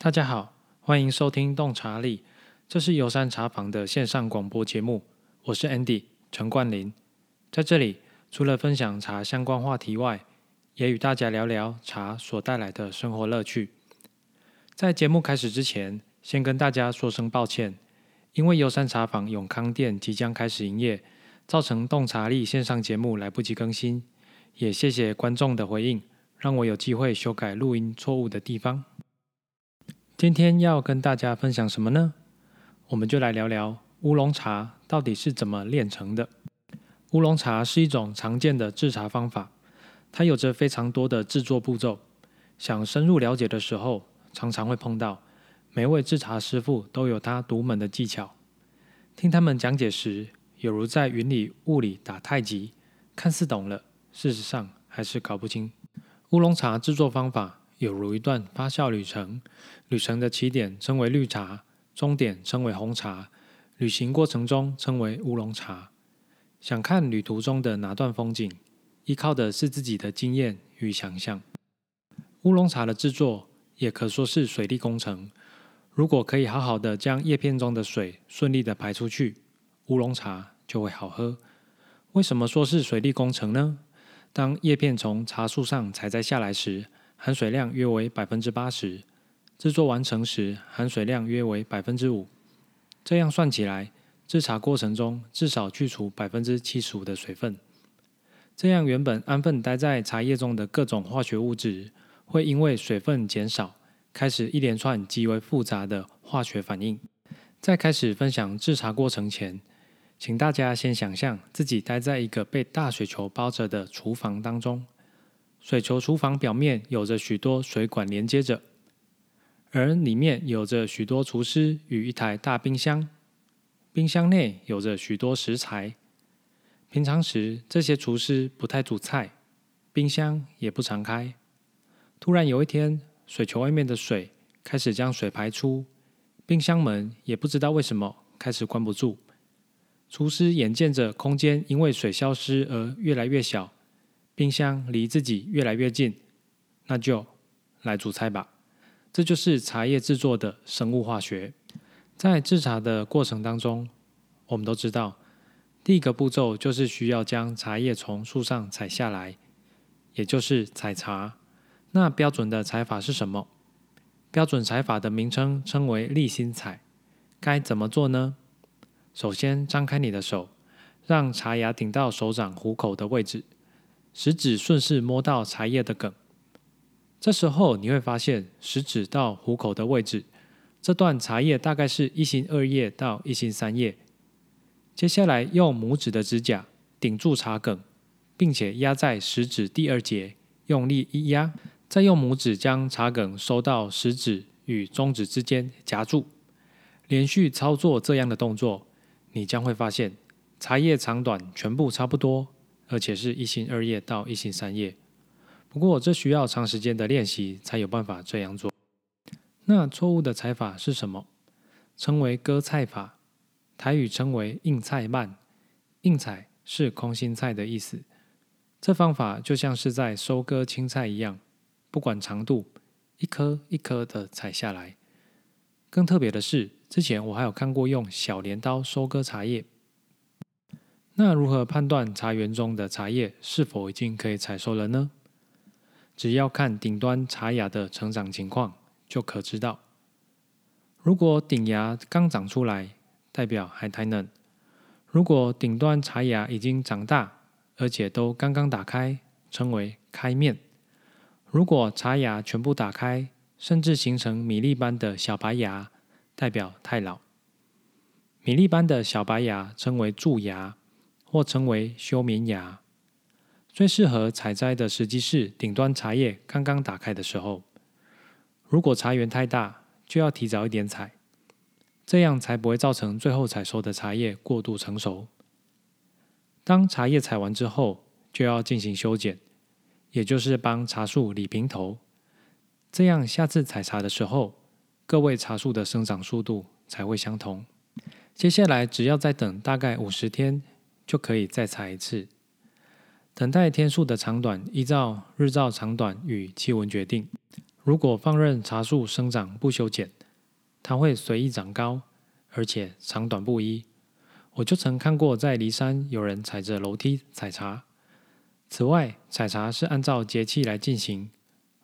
大家好，歡迎收聽《洞察力》，這是悠山茶坊的線上廣播節目。我是 Andy 陳冠霖，在這裡除了分享茶相關話題外，也與大家聊聊茶所帶來的生活樂趣。在節目開始之前，先跟大家說聲抱歉，因為悠山茶坊永康店即將開始營業，造成《洞察力》線上節目來不及更新。也謝謝觀眾的回應，讓我有機會修改錄音錯誤的地方。今天要跟大家分享什麼呢？我們就來聊聊烏龍茶到底是怎麼煉成的。烏龍茶是一種常見的製茶方法，它有着非常多的製作步驟。想深入了解的時候，常常會碰到每位製茶師傅都有他獨門的技巧。聽他們講解時，有如在雲裡霧裡打太極，看似懂了，事實上還是搞不清。烏龍茶製作方法，有如一段發酵旅程，旅程的起點稱為綠茶，終點稱為紅茶，旅行過程中稱為烏龍茶。想看旅途中的哪段風景，依靠的是自己的經驗與想象。烏龍茶的制作也可說是水利工程。如果可以好好的將葉片中的水順利的排出去，烏龍茶就會好喝。為什麼說是水利工程呢？當葉片從茶樹上採摘下來時，含水量約為百分之八十，製作完成時含水量約為百分之五。這樣算起來，製茶過程中至少去除百分之七十五的水分。這樣原本安分待在茶葉中的各種化學物質，會因為水分減少，開始一連串極為複雜的化學反應。在開始分享製茶過程前，請大家先想象自己待在一個被大雪球包着的廚房當中。水球廚房表面有着許多水管連接着，而裡面有着許多廚師與一台大冰箱。冰箱內有着許多食材。平常時，這些廚師不太煮菜，冰箱也不常開。突然有一天，水球外面的水開始將水排出，冰箱門也不知道為什麼開始關不住。廚師眼見着空間因為水消失而越來越小。冰箱離自己越來越近，那就來煮菜吧。這就是茶葉製作的生物化學。在製茶的過程當中，我們都知道，第一個步驟就是需要將茶葉從樹上採下來，也就是採茶。那標準的採法是什麼？標準採法的名稱稱為立心採。該怎麼做呢？首先，張開你的手，讓茶芽頂到手掌虎口的位置。食指順勢摸到茶葉的梗，這時候你會發現，食指到虎口的位置，這段茶葉大概是一心二葉到一心三葉。接下來用拇指的指甲頂住茶梗，並且壓在食指第二節，用力一壓，再用拇指將茶梗收到食指與中指之間夾住，連續操作這樣的動作，你將會發現茶葉長短全部差不多。而且是一心二葉到一心三葉，不過這需要長時間的練習才有辦法這樣做。那錯誤的採法是什麼？稱為割菜法，台語稱為硬菜蔓，硬采是空心菜的意思。這方法就像是在收割青菜一樣，不管長度，一顆一顆的採下來。更特別的是，之前我還有看過用小鐮刀收割茶葉。那如何判斷茶園中的茶葉是否已經可以採收了呢？只要看頂端茶芽的成長情況，就可知道。如果頂芽剛長出來，代表還太嫩；如果頂端茶芽已經長大，而且都剛剛打開，稱為開面；如果茶芽全部打開，甚至形成米粒般的小白芽，代表太老。米粒般的小白芽稱為駐芽。或稱為休眠芽，最適合採摘的時機是頂端茶葉剛剛打開的時候。如果茶園太大，就要提早一點採，這樣才不會造成最後採收的茶葉過度成熟。當茶葉採完之後，就要進行修剪，也就是幫茶樹理平頭，這樣下次採茶的時候，各位茶樹的生長速度才會相同。接下來只要再等大概五十天。就可以再採一次。等待天數的長短，依照日照長短與氣溫決定。如果放任茶樹生長不修剪，它會隨意長高，而且長短不一。我就曾看過在梨山有人踩着樓梯採茶。此外，採茶是按照節氣來進行，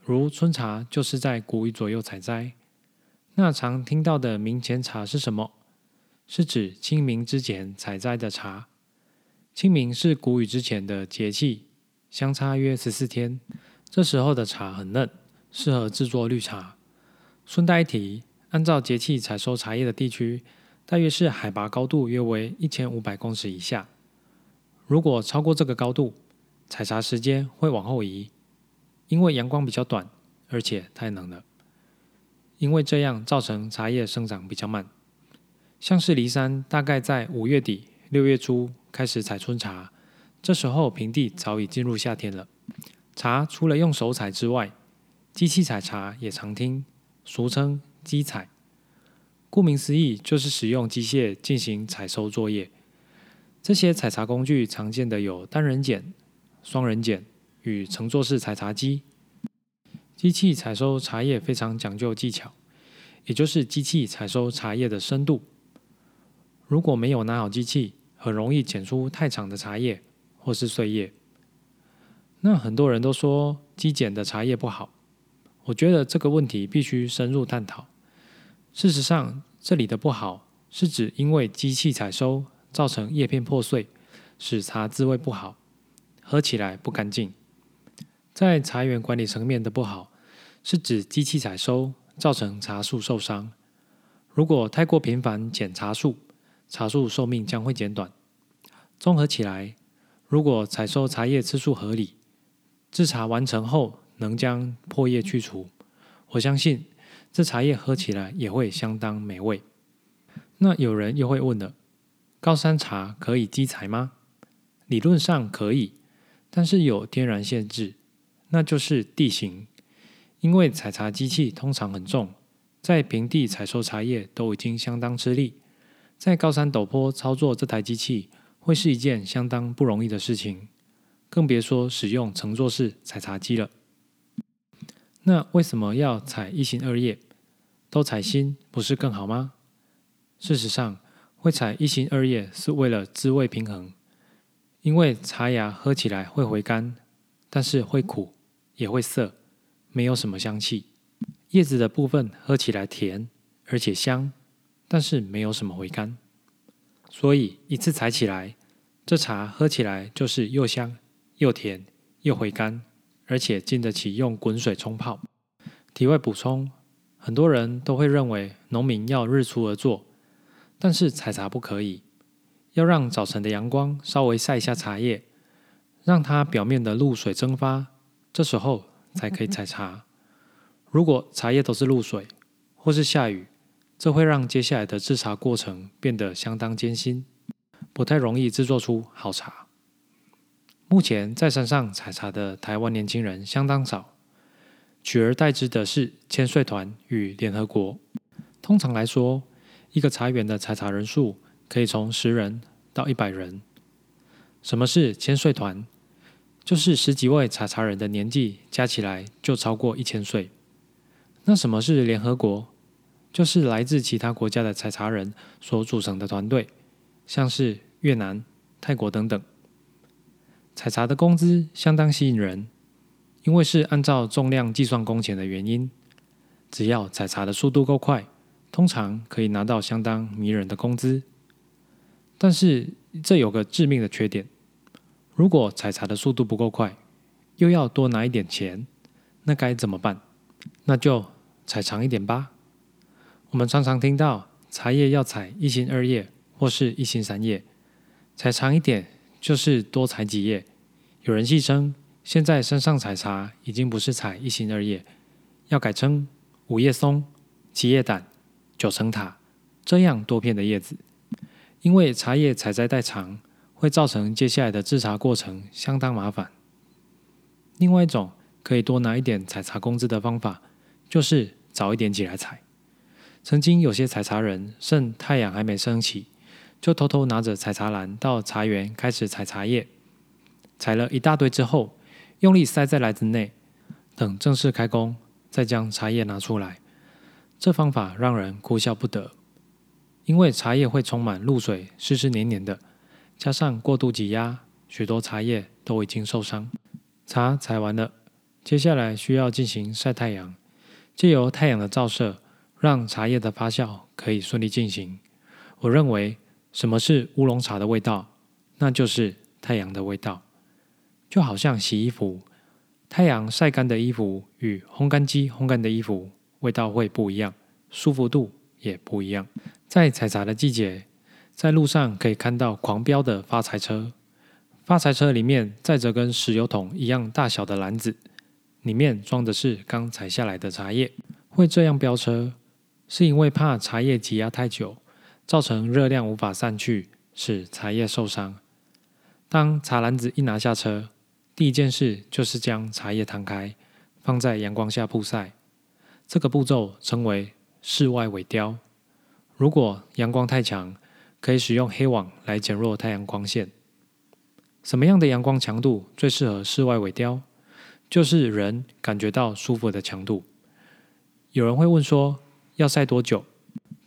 如春茶就是在谷雨左右採摘。那常聽到的“明前茶”是什麼？是指清明之前採摘的茶。清明是穀雨之前的節氣，相差約十四天。這時候的茶很嫩，適合製作綠茶。順帶一提，按照節氣採收茶葉的地區，大約是海拔高度約為一千五百公尺以下。如果超過這個高度，採茶時間會往後移，因為陽光比較短，而且太冷了。因為這樣造成茶葉生長比較慢，像是梨山，大概在五月底。六月初開始採春茶，這時候平地早已進入夏天了。茶除了用手採之外，機器採茶也常聽，俗稱機採。顧名思義，就是使用機械進行採收作業。這些採茶工具常見的有單人剪、雙人剪與乘坐式採茶機。機器採收茶葉非常講究技巧，也就是機器採收茶葉的深度。如果沒有拿好機器，很容易剪出太長的茶葉或是碎葉。那很多人都說機剪的茶葉不好，我覺得這個問題必須深入探討。事實上，這裡的不好是指因為機器採收造成葉片破碎，使茶滋味不好，喝起來不乾淨。在茶園管理層面的不好是指機器採收造成茶樹受傷。如果太過頻繁剪茶樹，茶樹壽命將會減短。綜合起來，如果採收茶葉次數合理，製茶完成後能將破葉去除，我相信這茶葉喝起來也會相當美味。那有人又會問了：高山茶可以機採嗎？理論上可以，但是有天然限制，那就是地形。因為採茶機器通常很重，在平地採收茶葉都已經相當吃力。在高山陡坡操作這台機器，會是一件相當不容易的事情，更別說使用乘坐式採茶機了。那為什麼要採一心二葉？都採心不是更好嗎？事實上，會採一心二葉是為了滋味平衡，因為茶芽喝起來會回甘，但是會苦，也會澀，沒有什麼香氣。葉子的部分喝起來甜，而且香。但是沒有什麼回甘，所以一次採起來，這茶喝起來就是又香又甜又回甘，而且經得起用滾水沖泡。題外補充，很多人都會認為農民要日出而作，但是採茶不可以，要讓早晨的陽光稍微曬一下茶葉，讓它表面的露水蒸發，這時候才可以採茶。如果茶葉都是露水，或是下雨。這會讓接下來的製茶過程變得相當艱辛，不太容易製作出好茶。目前在山上採茶的台灣年輕人相當少，取而代之的是千歲團與聯合國。通常來說，一個茶園的採茶人數可以從十人到一百人。什麼是千歲團？就是十幾位採茶人的年紀加起來就超過一千歲。那什麼是聯合國？就是來自其他國家的採茶人所組成的團隊，像是越南、泰國等等。採茶的工資相當吸引人，因為是按照重量計算工錢的原因，只要採茶的速度夠快，通常可以拿到相當迷人的工資。但是這有個致命的缺點：如果採茶的速度不夠快，又要多拿一點錢，那該怎麼辦？那就採長一點吧。我們常常聽到茶葉要採一心二葉，或是一心三葉，採長一點就是多採幾葉。有人戲稱，現在山上採茶已經不是採一心二葉，要改稱五葉松、七葉膽、九層塔這樣多片的葉子。因為茶葉採摘太長，會造成接下來的制茶過程相當麻煩。另外一種可以多拿一點採茶工資的方法，就是早一點起來採。曾經有些採茶人，趁太陽還沒升起，就偷偷拿着採茶籃到茶園開始採茶葉。採了一大堆之後，用力塞在籃子內，等正式開工，再將茶葉拿出來。這方法讓人哭笑不得，因為茶葉會充滿露水，濕濕黏黏的，加上過度擠壓，許多茶葉都已經受傷。茶採完了，接下來需要進行曬太陽，借由太陽的照射，讓茶葉的發酵可以順利進行。我認為什麼是烏龍茶的味道？那就是太陽的味道。就好像洗衣服，太陽曬乾的衣服與烘乾機烘乾的衣服味道會不一樣，舒服度也不一樣。在採茶的季節，在路上可以看到狂飆的發財車，發財車裡面載着跟石油桶一樣大小的籃子，裡面裝的是剛採下來的茶葉，會這樣飆車，是因為怕茶葉擠壓太久，造成熱量無法散去，使茶葉受傷。當茶籃子一拿下車，第一件事就是將茶葉攤開，放在陽光下曝曬。這個步驟稱為室外萎凋。如果陽光太強，可以使用黑網來減弱太陽光線。什麼樣的陽光強度最適合室外萎凋？就是人感覺到舒服的強度。有人會問說。要曬多久？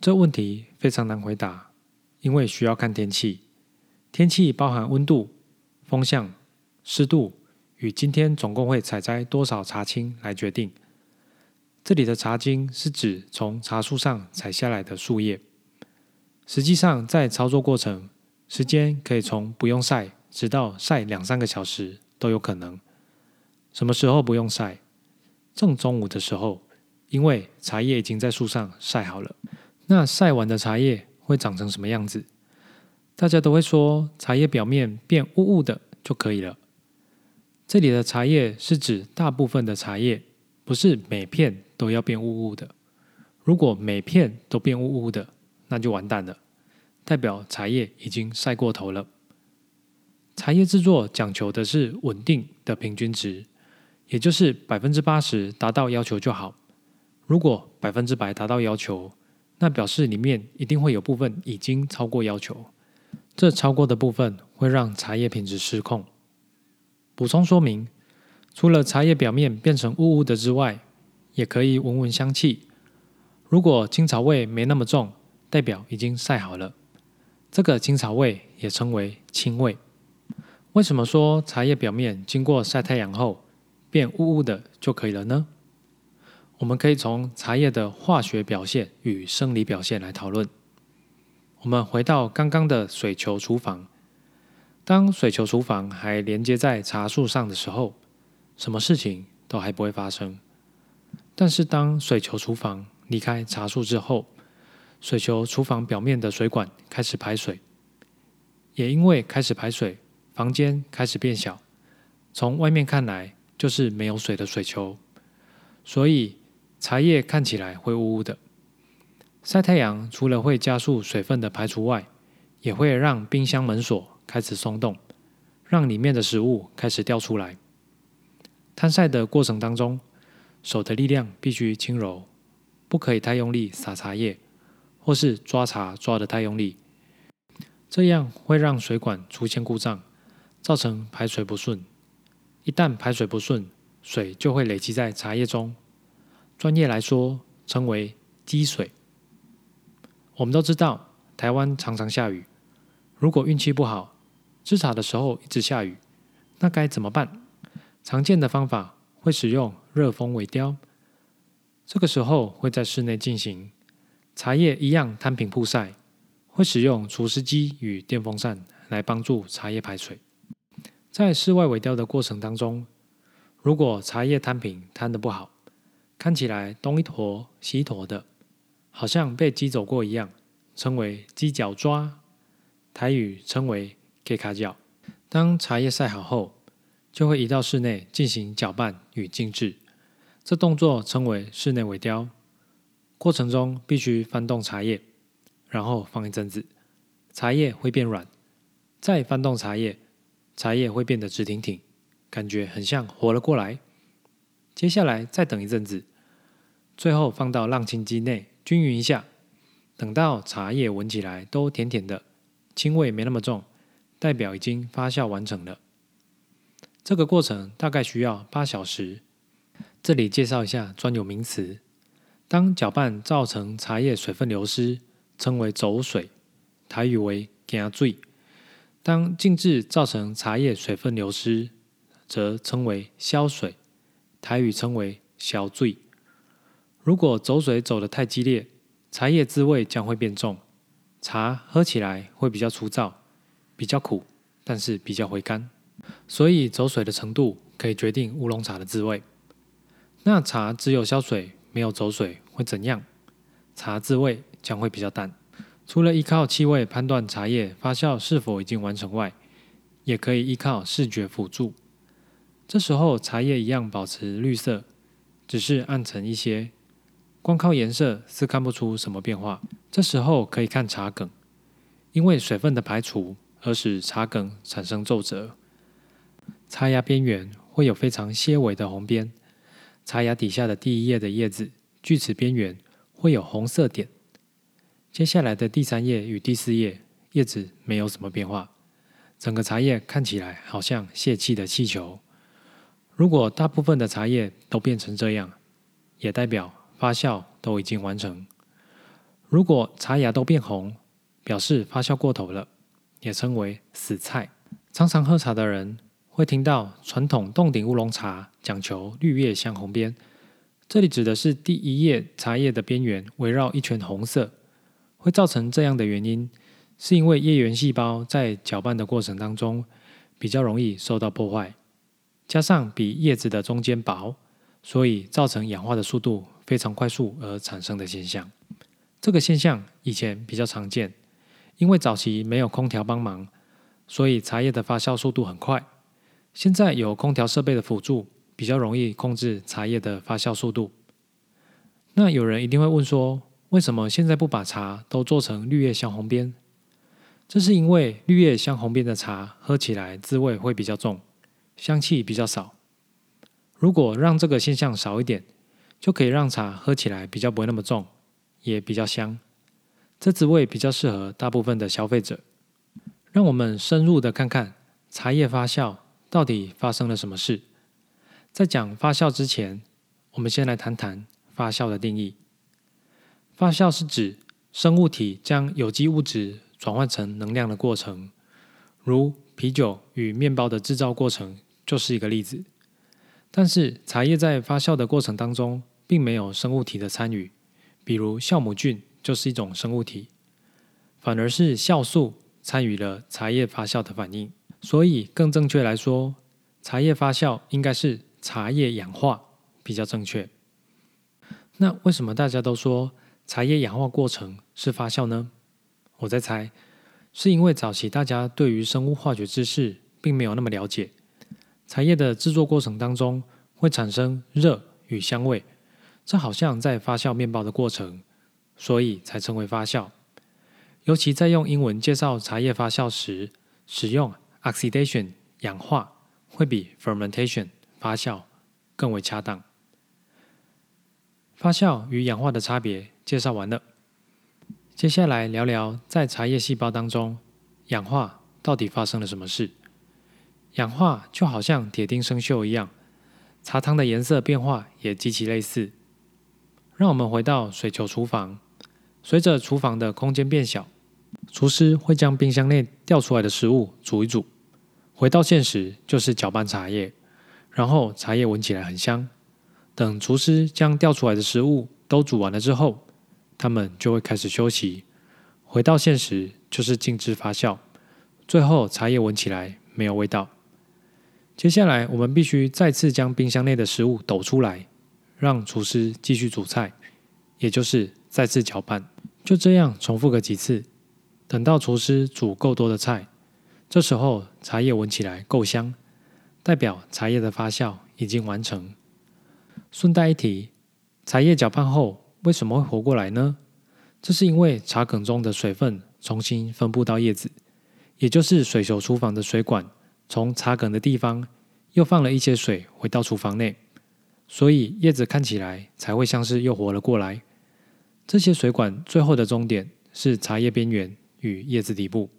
這問題非常難回答，因為需要看天氣。天氣包含溫度、風向、濕度，與今天總共會採摘多少茶青來決定。這裡的茶青是指從茶樹上採下來的樹葉。實際上，在操作過程，時間可以從不用曬，直到曬兩三個小時都有可能。什麼時候不用曬？正中午的時候。因為茶葉已經在樹上曬好了，那曬完的茶葉會長成什麼樣子？大家都會說，茶葉表面變霧霧的就可以了。這裡的茶葉是指大部分的茶葉，不是每片都要變霧霧的。如果每片都變霧霧的，那就完蛋了，代表茶葉已經曬過頭了。茶葉製作講求的是穩定的平均值，也就是百分之八十達到要求就好。如果百分之百達到要求，那表示裡面一定會有部分已經超過要求，這超過的部分會讓茶葉品質失控。補充說明，除了茶葉表面變成霧霧的之外，也可以聞聞香氣。如果青草味沒那麼重，代表已經曬好了。這個青草味也稱為青味。為什麼說茶葉表面經過曬太陽後變霧霧的就可以了呢？我們可以從茶葉的化學表現與生理表現來討論。我們回到剛剛的水球廚房，當水球廚房還連接在茶樹上的時候，什麼事情都還不會發生。但是當水球廚房離開茶樹之後，水球廚房表面的水管開始排水，也因為開始排水，房間開始變小，從外面看來就是沒有水的水球，所以茶葉看起來灰烏烏的。曬太陽除了會加速水分的排出外，也會讓冰箱門鎖開始鬆動，讓裡面的食物開始掉出來。攤曬的過程當中，手的力量必須輕柔，不可以太用力撒茶葉，或是抓茶抓得太用力，這樣會讓水管出現故障，造成排水不順。一旦排水不順，水就會累積在茶葉中。專業來說稱為積水。我們都知道台灣常常下雨，如果運氣不好，製茶的時候一直下雨，那該怎麼辦？常見的方法會使用熱風萎凋，這個時候會在室內進行，茶葉一樣攤平曝曬，會使用除濕機與電風扇來幫助茶葉排水。在室外萎凋的過程當中，如果茶葉攤平攤的不好，看起來東一坨西一坨的，好像被雞走過一樣，稱為雞腳抓，台語稱為給卡腳。當茶葉曬好後，就會移到室內進行攪拌與靜置，這動作稱為室內萎凋。過程中必須翻動茶葉，然後放一陣子，茶葉會變軟，再翻動茶葉，茶葉會變得直挺挺，感覺很像活了過來。接下來再等一陣子，最後放到浪青機內均勻一下。等到茶葉聞起來都甜甜的，青味沒那麼重，代表已經發酵完成了。這個過程大概需要八小時。這裡介紹一下專有名詞：當攪拌造成茶葉水分流失，稱為走水，台語為驚水；當靜置造成茶葉水分流失，則稱為消水。台語稱為消水。如果走水走得太激烈，茶葉滋味將會變重，茶喝起來會比較粗糙，比較苦，但是比較回甘。所以走水的程度可以決定烏龍茶的滋味。那茶只有消水沒有走水會怎樣？茶滋味將會比較淡。除了依靠氣味判斷茶葉發酵是否已經完成外，也可以依靠視覺輔助。這時候茶葉一樣保持綠色，只是暗沉一些。光靠顏色是看不出什麼變化。這時候可以看茶梗，因為水分的排除而使茶梗產生皺褶。茶芽邊緣會有非常些微的紅邊。茶芽底下的第一葉的葉子鋸齒邊緣會有紅色點。接下來的第三葉與第四葉葉子沒有什麼變化。整個茶葉看起來好像洩氣的氣球。如果大部分的茶葉都變成這樣，也代表發酵都已經完成。如果茶芽都變紅，表示發酵過頭了，也稱為死菜。常常喝茶的人會聽到傳統凍頂烏龍茶講求綠葉鑲紅邊，這裡指的是第一葉茶葉的邊緣圍繞一圈紅色。會造成這樣的原因，是因為葉緣細胞在攪拌的過程當中比較容易受到破壞。加上比葉子的中間薄，所以造成氧化的速度非常快速而產生的現象。這個現象以前比較常見，因為早期沒有空調幫忙，所以茶葉的發酵速度很快。現在有空調設備的輔助，比較容易控制茶葉的發酵速度。那有人一定會問說，為什麼現在不把茶都做成綠葉鑲紅邊？這是因為綠葉鑲紅邊的茶喝起來滋味會比較重。香氣比較少，如果讓這個現象少一點，就可以讓茶喝起來比較不會那麼重，也比較香。這滋味比較適合大部分的消費者。讓我們深入的看看茶葉發酵到底發生了什麼事。在講發酵之前，我們先來談談發酵的定義。發酵是指生物體將有機物質轉換成能量的過程，如啤酒與麵包的製造過程。就是一個例子，但是茶葉在發酵的過程當中，並沒有生物體的參與，比如酵母菌就是一種生物體，反而是酵素參與了茶葉發酵的反應。所以，更正確來說，茶葉發酵應該是茶葉氧化比較正確。那為什麼大家都說茶葉氧化過程是發酵呢？我在猜，是因為早期大家對於生物化學知識並沒有那麼了解。茶葉的製作過程當中會產生熱與香味，這好像在發酵麵包的過程，所以才稱為發酵。尤其在用英文介紹茶葉發酵時，使用 oxidation 氧化會比 fermentation 發酵更為恰當。發酵與氧化的差別介紹完了，接下來聊聊在茶葉細胞當中氧化到底發生了什麼事。氧化就好像鐵釘生鏽一樣，茶湯的顏色變化也極其類似。讓我們回到水球廚房，隨着廚房的空間變小，廚師會將冰箱內掉出來的食物煮一煮。回到現實就是攪拌茶葉，然後茶葉聞起來很香。等廚師將掉出來的食物都煮完了之後，他們就會開始休息。回到現實就是靜置發酵，最後茶葉聞起來沒有味道。接下來，我們必須再次將冰箱內的食物抖出來，讓廚師繼續煮菜，也就是再次攪拌。就這樣重複個幾次，等到廚師煮夠多的菜，這時候茶葉聞起來夠香，代表茶葉的發酵已經完成。順帶一提，茶葉攪拌後為什麼會活過來呢？這是因為茶梗中的水分重新分布到葉子，也就是水球廚房的水管。從茶梗的地方又放了一些水回到廚房內，所以葉子看起來才會像是又活了過來。這些水管最後的終點是茶葉邊緣與葉子底部，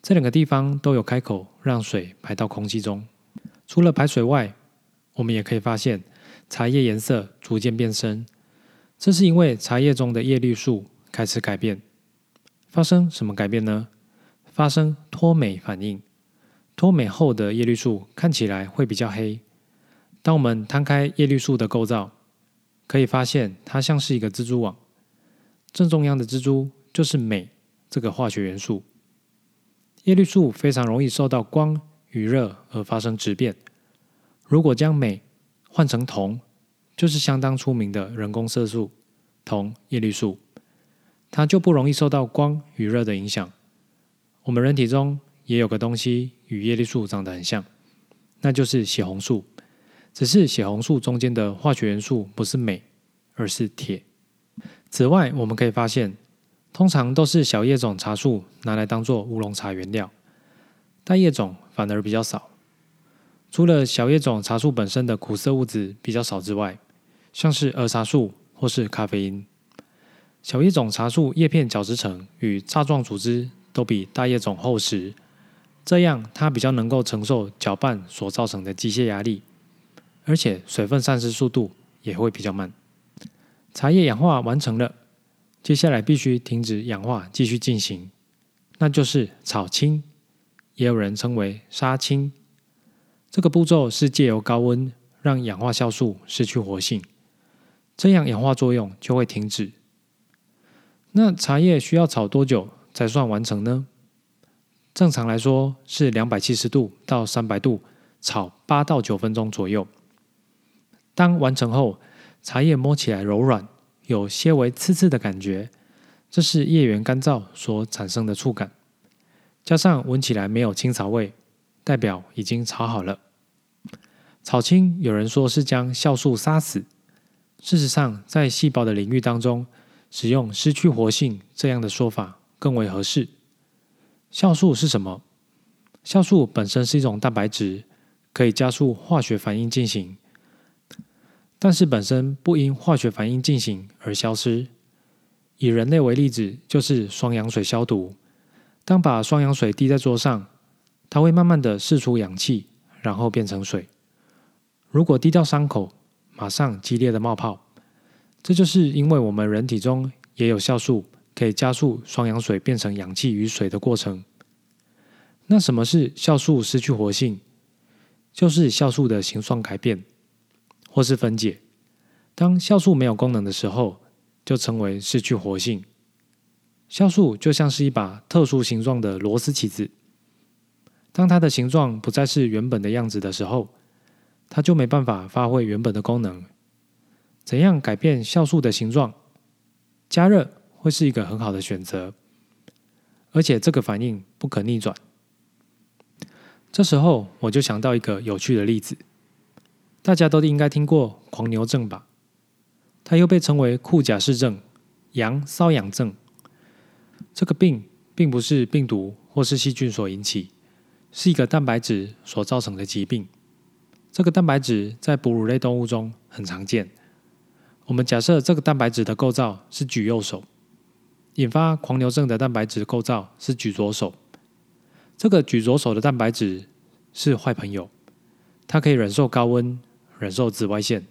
這兩個地方都有開口讓水排到空氣中。除了排水外，我們也可以發現茶葉顏色逐漸變深，這是因為茶葉中的葉綠素開始改變。發生什麼改變呢？發生脫鎂反應。脫鎂後的葉綠素看起來會比較黑。當我們攤開葉綠素的構造，可以發現它像是一個蜘蛛網，正中央的蜘蛛就是鎂這個化學元素。葉綠素非常容易受到光與熱而發生質變。如果將鎂換成銅，就是相當出名的人工色素銅葉綠素，它就不容易受到光與熱的影響。我們人體中也有個東西與葉綠素長得很像，那就是血紅素。只是血紅素中間的化學元素不是鎂，而是鐵。此外，我們可以發現，通常都是小葉種茶樹拿來當做烏龍茶原料，大葉種反而比較少。除了小葉種茶樹本身的苦澀物質比較少之外，像是兒茶素或是咖啡因，小葉種茶樹葉片角質層與柵狀組織都比大葉種厚實。這樣它比較能夠承受攪拌所造成的機械壓力，而且水分散失速度也會比較慢。茶葉氧化完成了，接下來必須停止氧化繼續進行，那就是炒青，也有人稱為殺青。這個步驟是借由高溫讓氧化酵素失去活性，這樣氧化作用就會停止。那茶葉需要炒多久才算完成呢？正常來說是兩百七十度到三百度，炒八到九分鐘左右。當完成後，茶葉摸起來柔軟，有些微刺刺的感覺，這是葉緣乾燥所產生的觸感。加上聞起來沒有青草味，代表已經炒好了。炒青有人說是將酵素殺死，事實上在細胞的領域當中，使用失去活性這樣的說法更為合適。酵素是什麼？酵素本身是一種蛋白質，可以加速化學反應進行，但是本身不因化學反應進行而消失。以人類為例子，就是雙氧水消毒。當把雙氧水滴在桌上，它會慢慢的釋出氧氣，然後變成水。如果滴到傷口，馬上激烈的冒泡。這就是因為我們人體中也有酵素。可以加速雙氧水變成氧氣與水的過程。那什麼是酵素失去活性？就是酵素的形狀改變或是分解。當酵素沒有功能的時候，就稱為失去活性。酵素就像是一把特殊形狀的螺絲起子，當它的形狀不再是原本的樣子的時候，它就沒辦法發揮原本的功能。怎樣改變酵素的形狀？加熱。會是一個很好的選擇，而且這個反應不可逆轉。這時候我就想到一個有趣的例子，大家都應該聽過狂牛症吧？它又被稱為庫賈氏症、羊瘙癢症。這個病並不是病毒或是細菌所引起，是一個蛋白質所造成的疾病。這個蛋白質在哺乳類動物中很常見。我們假設這個蛋白質的構造是舉右手。引發狂牛症的蛋白質構造是舉左手。這個舉左手的蛋白質是壞朋友，它可以忍受高溫、忍受紫外線，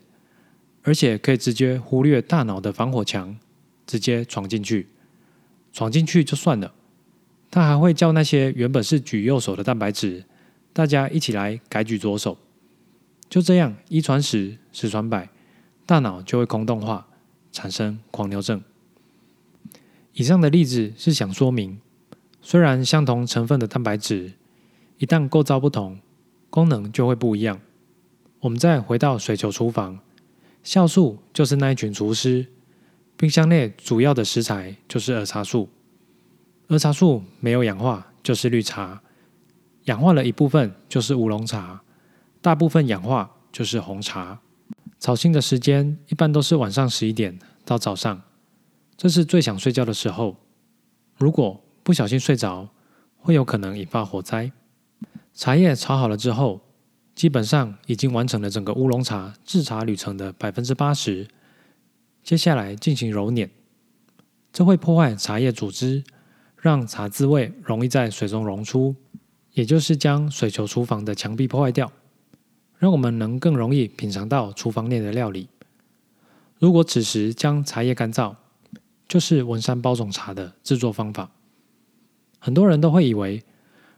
而且可以直接忽略大腦的防火牆，直接闖進去。闖進去就算了，它還會叫那些原本是舉右手的蛋白質，大家一起來改舉左手。就這樣，一傳十，十傳百，大腦就會空洞化，產生狂牛症。以上的例子是想說明，雖然相同成分的蛋白質，一旦構造不同，功能就會不一樣。我們再回到水球廚房，酵素就是那一群廚師，冰箱內主要的食材就是兒茶素。兒茶素沒有氧化就是綠茶，氧化了一部分就是烏龍茶，大部分氧化就是紅茶。炒青的時間一般都是晚上十一點到早上。這是最想睡覺的時候，如果不小心睡着，會有可能引發火災。茶葉炒好了之後，基本上已經完成了整個烏龍茶制茶旅程的百分之八十。接下來進行揉捻，這會破壞茶葉組織，讓茶滋味容易在水中溶出，也就是將水球廚房的牆壁破壞掉，讓我們能更容易品嘗到廚房內的料理。如果此時將茶葉乾燥，就是文山包種茶的製作方法，很多人都會以為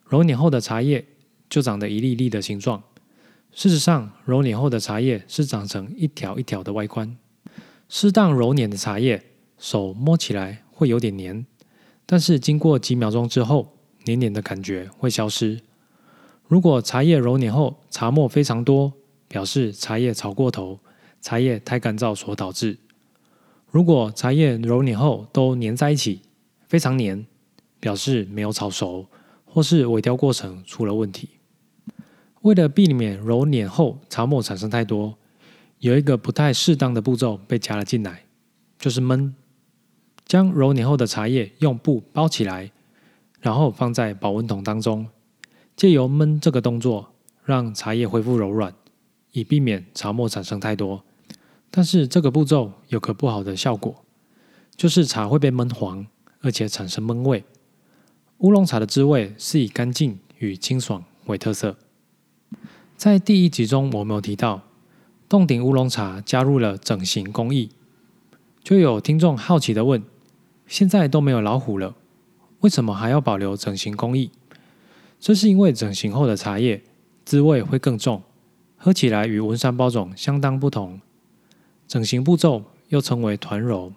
揉捻後的茶葉就長得一粒粒的形狀，事實上揉捻後的茶葉是長成一條一條的外觀。適當揉捻的茶葉，手摸起來會有點黏，但是經過幾秒鐘之後，黏黏的感覺會消失。如果茶葉揉捻後茶沫非常多，表示茶葉炒過頭，茶葉太乾燥所導致。如果茶葉揉捻後都粘在一起，非常粘，表示沒有炒熟，或是萎凋過程出了問題。為了避免揉捻後茶沫產生太多，有一個不太適當的步驟被加了進來，就是悶。將揉捻後的茶葉用布包起來，然後放在保溫桶當中，借由悶這個動作，讓茶葉恢復柔軟，以避免茶沫產生太多。但是這個步驟有個不好的效果，就是茶會被悶黃，而且產生悶味。烏龍茶的滋味是以乾淨與清爽為特色。在第一集中，我沒有提到洞頂烏龍茶加入了整形工藝，就有聽眾好奇地問：現在都沒有老虎了，為什麼還要保留整形工藝？這是因為整形後的茶葉滋味會更重，喝起來與文山包種相當不同。整形步驟又稱為團揉，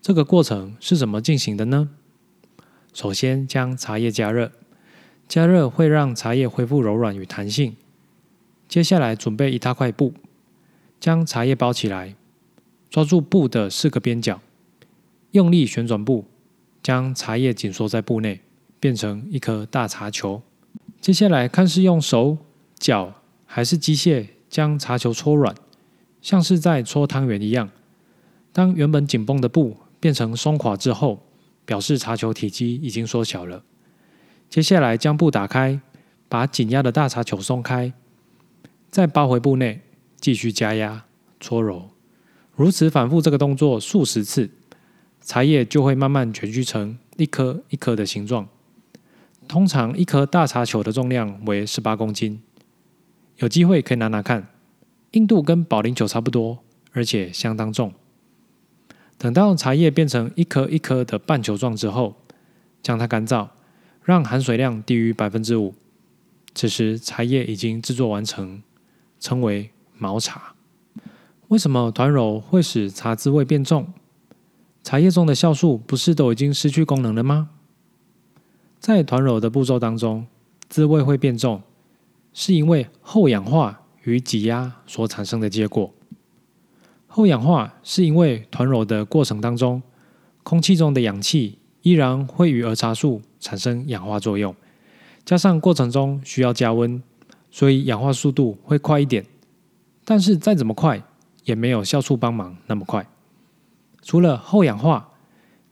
這個過程是怎麼進行的呢？首先將茶葉加熱，加熱會讓茶葉恢復柔軟與彈性。接下來準備一大塊布，將茶葉包起來，抓住布的四個邊角，用力旋轉布，將茶葉緊縮在布內，變成一顆大茶球。接下來看是用手、腳還是機械將茶球搓軟。像是在搓湯圓一樣，當原本緊繃的布變成鬆垮之後，表示茶球體積已經縮小了。接下來將布打開，把緊壓的大茶球鬆開，再包回布內，繼續加壓搓揉，如此反覆這個動作數十次，茶葉就會慢慢蜷曲成一顆一顆的形狀。通常一顆大茶球的重量為十八公斤，有機會可以拿拿看。硬度跟保齡球差不多，而且相當重。等到茶葉變成一顆一顆的半球狀之後，將它乾燥，讓含水量低於百分之五，此時茶葉已經製作完成，稱為毛茶。為什麼團揉會使茶滋味變重？茶葉中的酵素不是都已經失去功能了嗎？在團揉的步驟當中，滋味會變重，是因為後氧化。與擠壓所產生的結果。後氧化是因為團揉的過程當中，空氣中的氧氣依然會與兒茶素產生氧化作用，加上過程中需要加溫，所以氧化速度會快一點。但是再怎麼快，也沒有酵素幫忙那麼快。除了後氧化，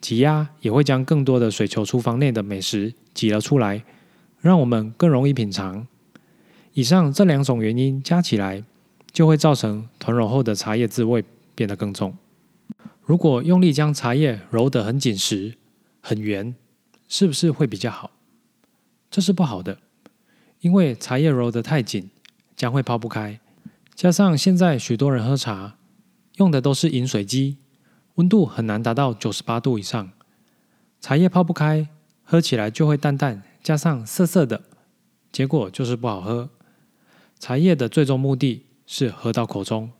擠壓也會將更多的水球廚房內的美食擠了出來，讓我們更容易品嘗。以上這兩種原因加起來，就會造成團揉後的茶葉滋味變得更重。如果用力將茶葉揉得很緊實、很圓，是不是會比較好？這是不好的，因為茶葉揉得太緊，將會泡不開。加上現在許多人喝茶用的都是飲水機，溫度很難達到九十八度以上，茶葉泡不開，喝起來就會淡淡，加上澀澀的，結果就是不好喝。茶葉的最終目的是喝到口中，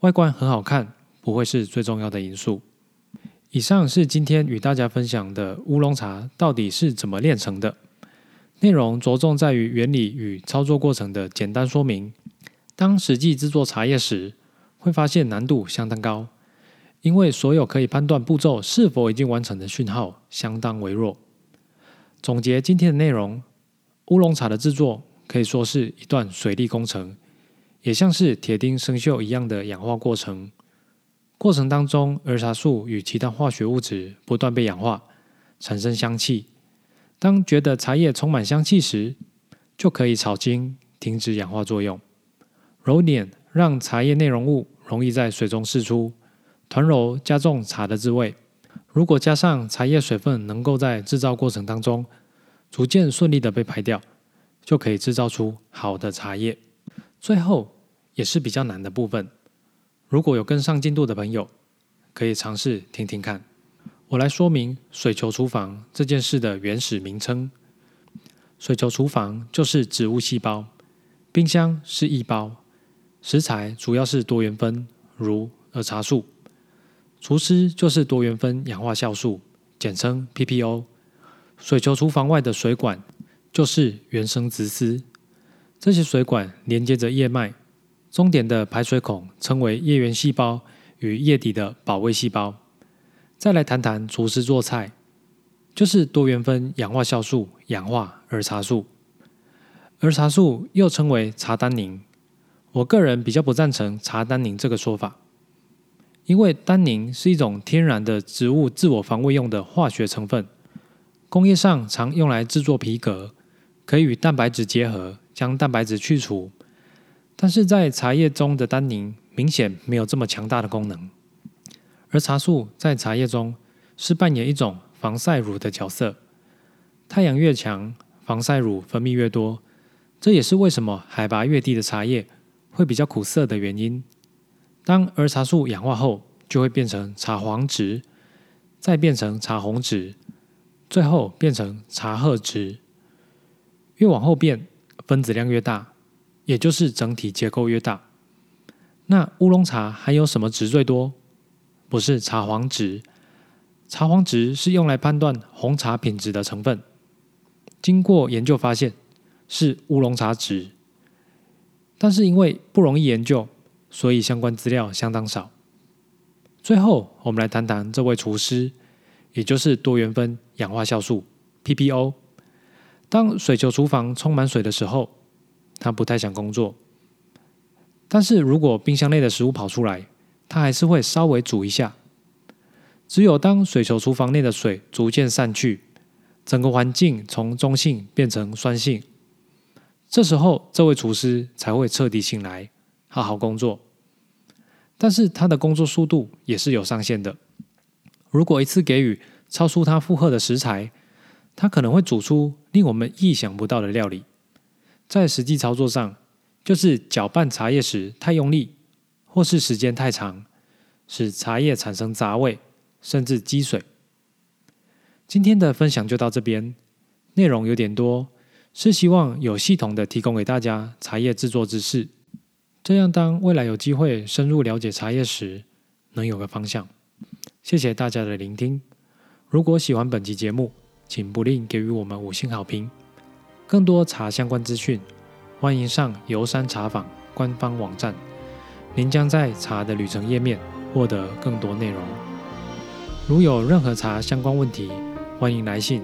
外觀很好看，不會是最重要的因素。以上是今天與大家分享的烏龍茶到底是怎麼煉成的。內容着重在於原理與操作過程的簡單說明。當實際制作茶葉時，會發現難度相當高，因為所有可以判斷步驟是否已經完成的訊號相當微弱。總結今天的內容，烏龍茶的制作。可以說是一段水利工程，也像是鐵釘生鏽一樣的氧化過程。過程當中，兒茶素與其他化學物質不斷被氧化，產生香氣。當覺得茶葉充滿香氣時，就可以炒青，停止氧化作用。揉捻讓茶葉內容物容易在水中釋出，團揉加重茶的滋味。如果加上茶葉水分能夠在制造過程當中，逐漸順利的被排掉。就可以製造出好的茶葉。最後也是比較難的部分，如果有跟上進度的朋友，可以嘗試聽聽看。我來說明“水球廚房”這件事的原始名稱。水球廚房就是植物細胞，冰箱是液泡，食材主要是多元酚，如兒茶素。廚師就是多元酚氧化酵素，簡稱 PPO。水球廚房外的水管。就是原生直絲，這些水管連接着葉脈，終點的排水孔稱為葉源細胞與葉底的保衛細胞。再來談談廚師做菜，就是多元酚、氧化酵素、氧化兒茶素，兒茶素又稱為茶丹寧。我個人比較不贊成茶丹寧這個說法，因為丹寧是一種天然的植物自我防衛用的化學成分，工業上常用來製作皮革。可以與蛋白質結合，將蛋白質去除。但是在茶葉中的單寧明顯沒有這麼強大的功能，兒茶素在茶葉中是扮演一種防曬乳的角色。太陽越強，防曬乳分泌越多。這也是為什麼海拔越低的茶葉會比較苦澀的原因。當兒茶素氧化後，就會變成茶黃質，再變成茶紅質，最後變成茶褐質。越往後變，分子量越大，也就是整體結構越大。那烏龍茶含有什麼質最多？不是茶黃質，茶黃質是用來判斷紅茶品質的成分。經過研究發現，是烏龍茶質，但是因為不容易研究，所以相關資料相當少。最後，我們來談談這位廚師，也就是多元酚氧化酵素。 當水球廚房充滿水的時候，他不太想工作。但是如果冰箱內的食物跑出來，他還是會稍微煮一下。只有當水球廚房內的水逐漸散去，整個環境從中性變成酸性，這時候這位廚師才會徹底醒來，好好工作。但是他的工作速度也是有上限的。如果一次給予超出他負荷的食材，它可能會煮出令我們意想不到的料理。在實際操作上，就是攪拌茶葉時太用力，或是時間太長，使茶葉產生雜味，甚至積水。今天的分享就到這邊，內容有點多，是希望有系統的提供給大家茶葉製作知識，這樣當未來有機會深入了解茶葉時，能有個方向。謝謝大家的聆聽。如果喜歡本期節目，請不吝給予我們五星好評。更多茶相關資訊，歡迎上游山茶坊官方網站，您將在「茶的旅程」頁面，獲得更多內容。如有任何茶相關問題，歡迎來信，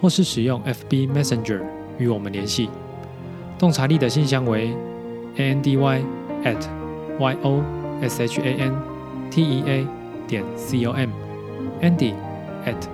或是使用 FB Messenger 與我們聯繫。洞察力的信箱為 Andy at y o s h a n t e a 點 c o m，Andy at。